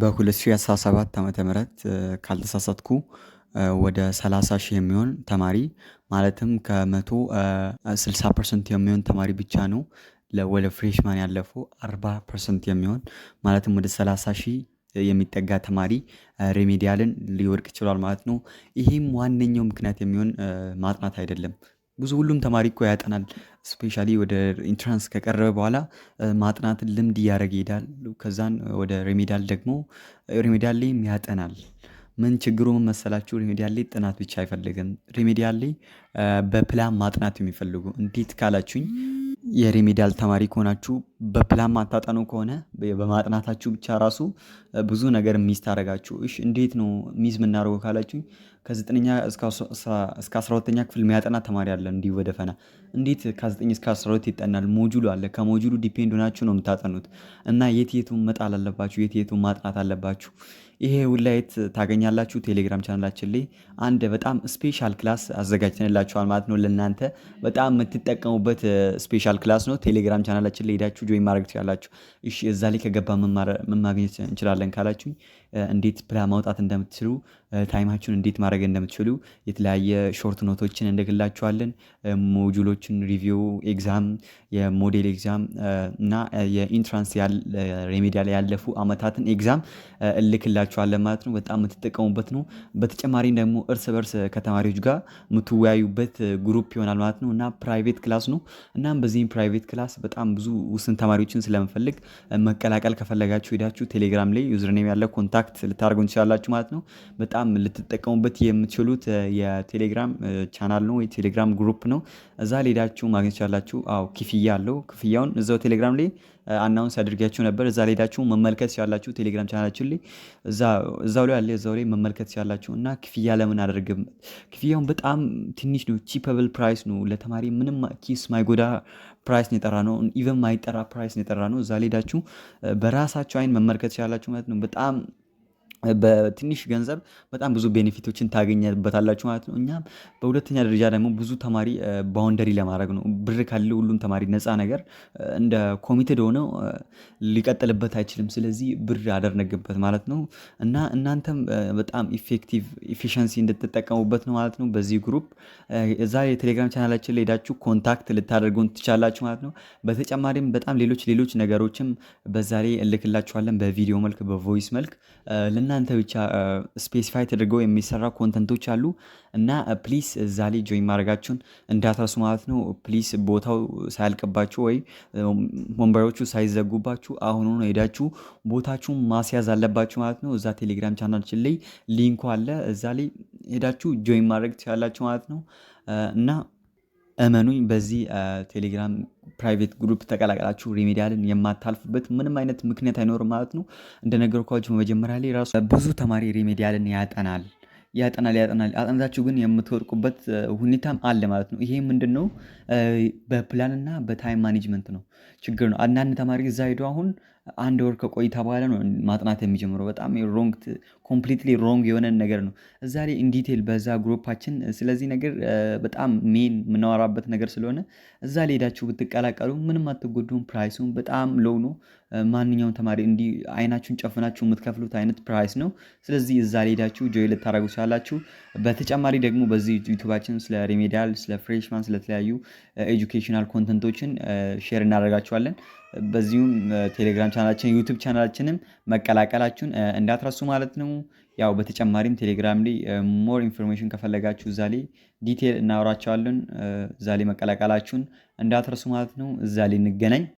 በ2017 ዓመተ ም ካልተሳሳትኩ ወደ 30 ሺህ የሚሆን ተማሪ ማለትም ከመቶ 160 ፐርሰንት የሚሆን ተማሪ ብቻ ነው ወደ ፍሬሽማን ያለፉ 40 ፐርሰንት የሚሆን ማለትም ወደ 30 ሺህ የሚጠጋ ተማሪ ሪሜዲያልን ሊወድቅ ችሏል ማለት ነው። ይህም ዋነኛው ምክንያት የሚሆን ማጥናት አይደለም ብዙ ሁሉም ተማሪ እኮ ያጠናል። ስፔሻሊ ወደ ኢንትራንስ ከቀረበ በኋላ ማጥናትን ልምድ እያደረገ ይሄዳል። ከዛን ወደ ሬሜዳል ደግሞ ሬሜዳል ላይም ያጠናል። ምን ችግሩ ምን መሰላችሁ? ሬሜዲያል ላይ ጥናት ብቻ አይፈልግም። ሬሜዲያል ላይ በፕላን ማጥናት የሚፈልጉ እንዴት ካላችሁኝ የሬሜዲያል ተማሪ ከሆናችሁ በፕላን ማታጠኑ ከሆነ በማጥናታችሁ ብቻ ራሱ ብዙ ነገር ሚዝ ታደርጋችሁ። እሺ እንዴት ነው ሚዝ የምናደርገው ካላችሁኝ ከዘጠነኛ እስከ አስራ ሁለተኛ ክፍል የሚያጠና ተማሪ አለ። እንዲሁ ወደ ፈና እንዴት ከዘጠኝ እስከ አስራ ሁለት ይጠናል? ሞጁሉ አለ። ከሞጁሉ ዲፔንድ ሆናችሁ ነው የምታጠኑት እና የት የቱን መጣል አለባችሁ፣ የት የቱን ማጥናት አለባችሁ። ይሄ ውላየት ታገኛላችሁ። ቴሌግራም ቻናላችን ላይ አንድ በጣም ስፔሻል ክላስ አዘጋጅተንላችኋል ማለት ነው። ለእናንተ በጣም የምትጠቀሙበት ስፔሻል ክላስ ነው። ቴሌግራም ቻናላችን ላይ ሄዳችሁ ቪዲዮ ማድረግ ትችላላችሁ። እሺ እዛ ላይ ከገባ ምን ማግኘት እንችላለን ካላችሁኝ እንዴት ፕላን ማውጣት እንደምትችሉ ታይማችሁን እንዴት ማድረግ እንደምትችሉ የተለያየ ሾርት ኖቶችን እንደግላችኋለን። ሞጁሎችን፣ ሪቪው፣ ኤግዛም፣ የሞዴል ኤግዛም እና የኢንትራንስ ላይ ያለፉ አመታትን ኤግዛም እልክላችኋለን ማለት ነው። በጣም የምትጠቀሙበት ነው። በተጨማሪም ደግሞ እርስ በርስ ከተማሪዎች ጋር የምትወያዩበት ግሩፕ ይሆናል ማለት ነው እና ፕራይቬት ክላስ ነው። እናም በዚህም ፕራይቬት ክላስ በጣም ብዙ ውስን ተማሪዎችን ስለምፈልግ መቀላቀል ከፈለጋችሁ ሄዳችሁ ቴሌግራም ላይ ዩዘርኔም ያለ ኮንታክት ልታደርጉን ትችላላችሁ ማለት ነው በጣም በጣም ልትጠቀሙበት የምትችሉት የቴሌግራም ቻናል ነው የቴሌግራም ግሩፕ ነው። እዛ ሌዳችሁ ማግኘት ቻላችሁ። አዎ ክፍያ አለው። ክፍያውን እዛው ቴሌግራም ላይ አናውንስ ያደርጋችሁ ነበር። እዛ ሌዳችሁ መመልከት ሲያላችሁ ቴሌግራም ቻናላችን ላይ እዛው ላይ አለ። እዛው ላይ መመልከት ሲያላችሁ እና ክፍያ ለምን አደርግም? ክፍያውን በጣም ትንሽ ነው። ቺፐብል ፕራይስ ነው። ለተማሪ ምንም ኪስ ማይጎዳ ፕራይስ ነው የጠራ ነው። ኢቨን ማይጠራ ፕራይስ ነው የጠራ ነው። እዛ ሌዳችሁ በራሳችሁ አይን መመልከት ሲያላችሁ ማለት ነው በጣም በትንሽ ገንዘብ በጣም ብዙ ቤኔፊቶችን ታገኘበታላችሁ ማለት ነው። እኛም በሁለተኛ ደረጃ ደግሞ ብዙ ተማሪ ባውንደሪ ለማድረግ ነው። ብር ካለ ሁሉም ተማሪ ነፃ ነገር እንደ ኮሚቴድ ሆነው ሊቀጥልበት አይችልም። ስለዚህ ብር አደረግበት ማለት ነው እና እናንተም በጣም ኢፌክቲቭ ኢፊሸንሲ እንድትጠቀሙበት ነው ማለት ነው። በዚህ ግሩፕ እዛ የቴሌግራም ቻናላችን ሄዳችሁ ኮንታክት ልታደርጉን ትቻላችሁ ማለት ነው። በተጨማሪም በጣም ሌሎች ሌሎች ነገሮችም በዛ ላይ እልክላችኋለን በቪዲዮ መልክ በቮይስ መልክ ለእናንተ ብቻ ስፔሲፋይ ተደርገው የሚሰራ ኮንተንቶች አሉ እና ፕሊስ እዛ ላይ ጆይን ማድረጋችሁን እንዳትረሱ ማለት ነው። ፕሊስ ቦታው ሳያልቅባችሁ ወይ ወንበሮቹ ሳይዘጉባችሁ አሁኑ ነው ሄዳችሁ ቦታችሁን ማስያዝ አለባችሁ ማለት ነው። እዛ ቴሌግራም ቻናላችን ላይ ሊንኩ አለ። እዛ ላይ ሄዳችሁ ጆይን ማድረግ ትችላላችሁ ማለት ነው እና እመኑኝ በዚህ ቴሌግራም ፕራይቬት ግሩፕ ተቀላቀላችሁ ሪሜዲያልን የማታልፉበት ምንም አይነት ምክንያት አይኖርም ማለት ነው። እንደነገርኳችሁ መጀመሪያ ላይ ራሱ ብዙ ተማሪ ሪሜዲያልን ያጠናል ያጠናል ያጠናል አጥንታችሁ ግን የምትወድቁበት ሁኔታም አለ ማለት ነው። ይሄ ምንድን ነው? በፕላንና በታይም ማኔጅመንት ነው ችግር ነው። አንዳንድ ተማሪ እዛ ሄዶ አሁን አንድ ወር ከቆይታ በኋላ ነው ማጥናት የሚጀምረው። በጣም ሮንግ ኮምፕሊትሊ ሮንግ የሆነን ነገር ነው እዛ ላይ ኢንዲቴል በዛ ግሩፓችን ስለዚህ ነገር በጣም ሜን የምናወራበት ነገር ስለሆነ እዛ ላይ ሄዳችሁ ብትቀላቀሉ ምንም አትጎዱም። ፕራይሱም በጣም ሎው ነው። ማንኛውም ተማሪ እንዲህ አይናችሁን ጨፍናችሁ የምትከፍሉት አይነት ፕራይስ ነው። ስለዚህ እዛ ላይ ሄዳችሁ ጆይ ልታደረጉ ቻላችሁ። በተጨማሪ ደግሞ በዚህ ዩቱባችን ስለ ሪሜዲያል፣ ስለ ፍሬሽማን፣ ስለተለያዩ ኤጁኬሽናል ኮንተንቶችን ሼር እናደርጋችኋለን። በዚሁም ቴሌግራም ቻናላችን ዩቱብ ቻናላችንም መቀላቀላችሁን እንዳትረሱ ማለት ነው። ያው በተጨማሪም ቴሌግራም ላይ ሞር ኢንፎርሜሽን ከፈለጋችሁ እዛ ላይ ዲቴል እናወራቸዋለን። እዛ ላይ መቀላቀላችሁን እንዳትረሱ ማለት ነው። እዛ ላይ እንገናኝ።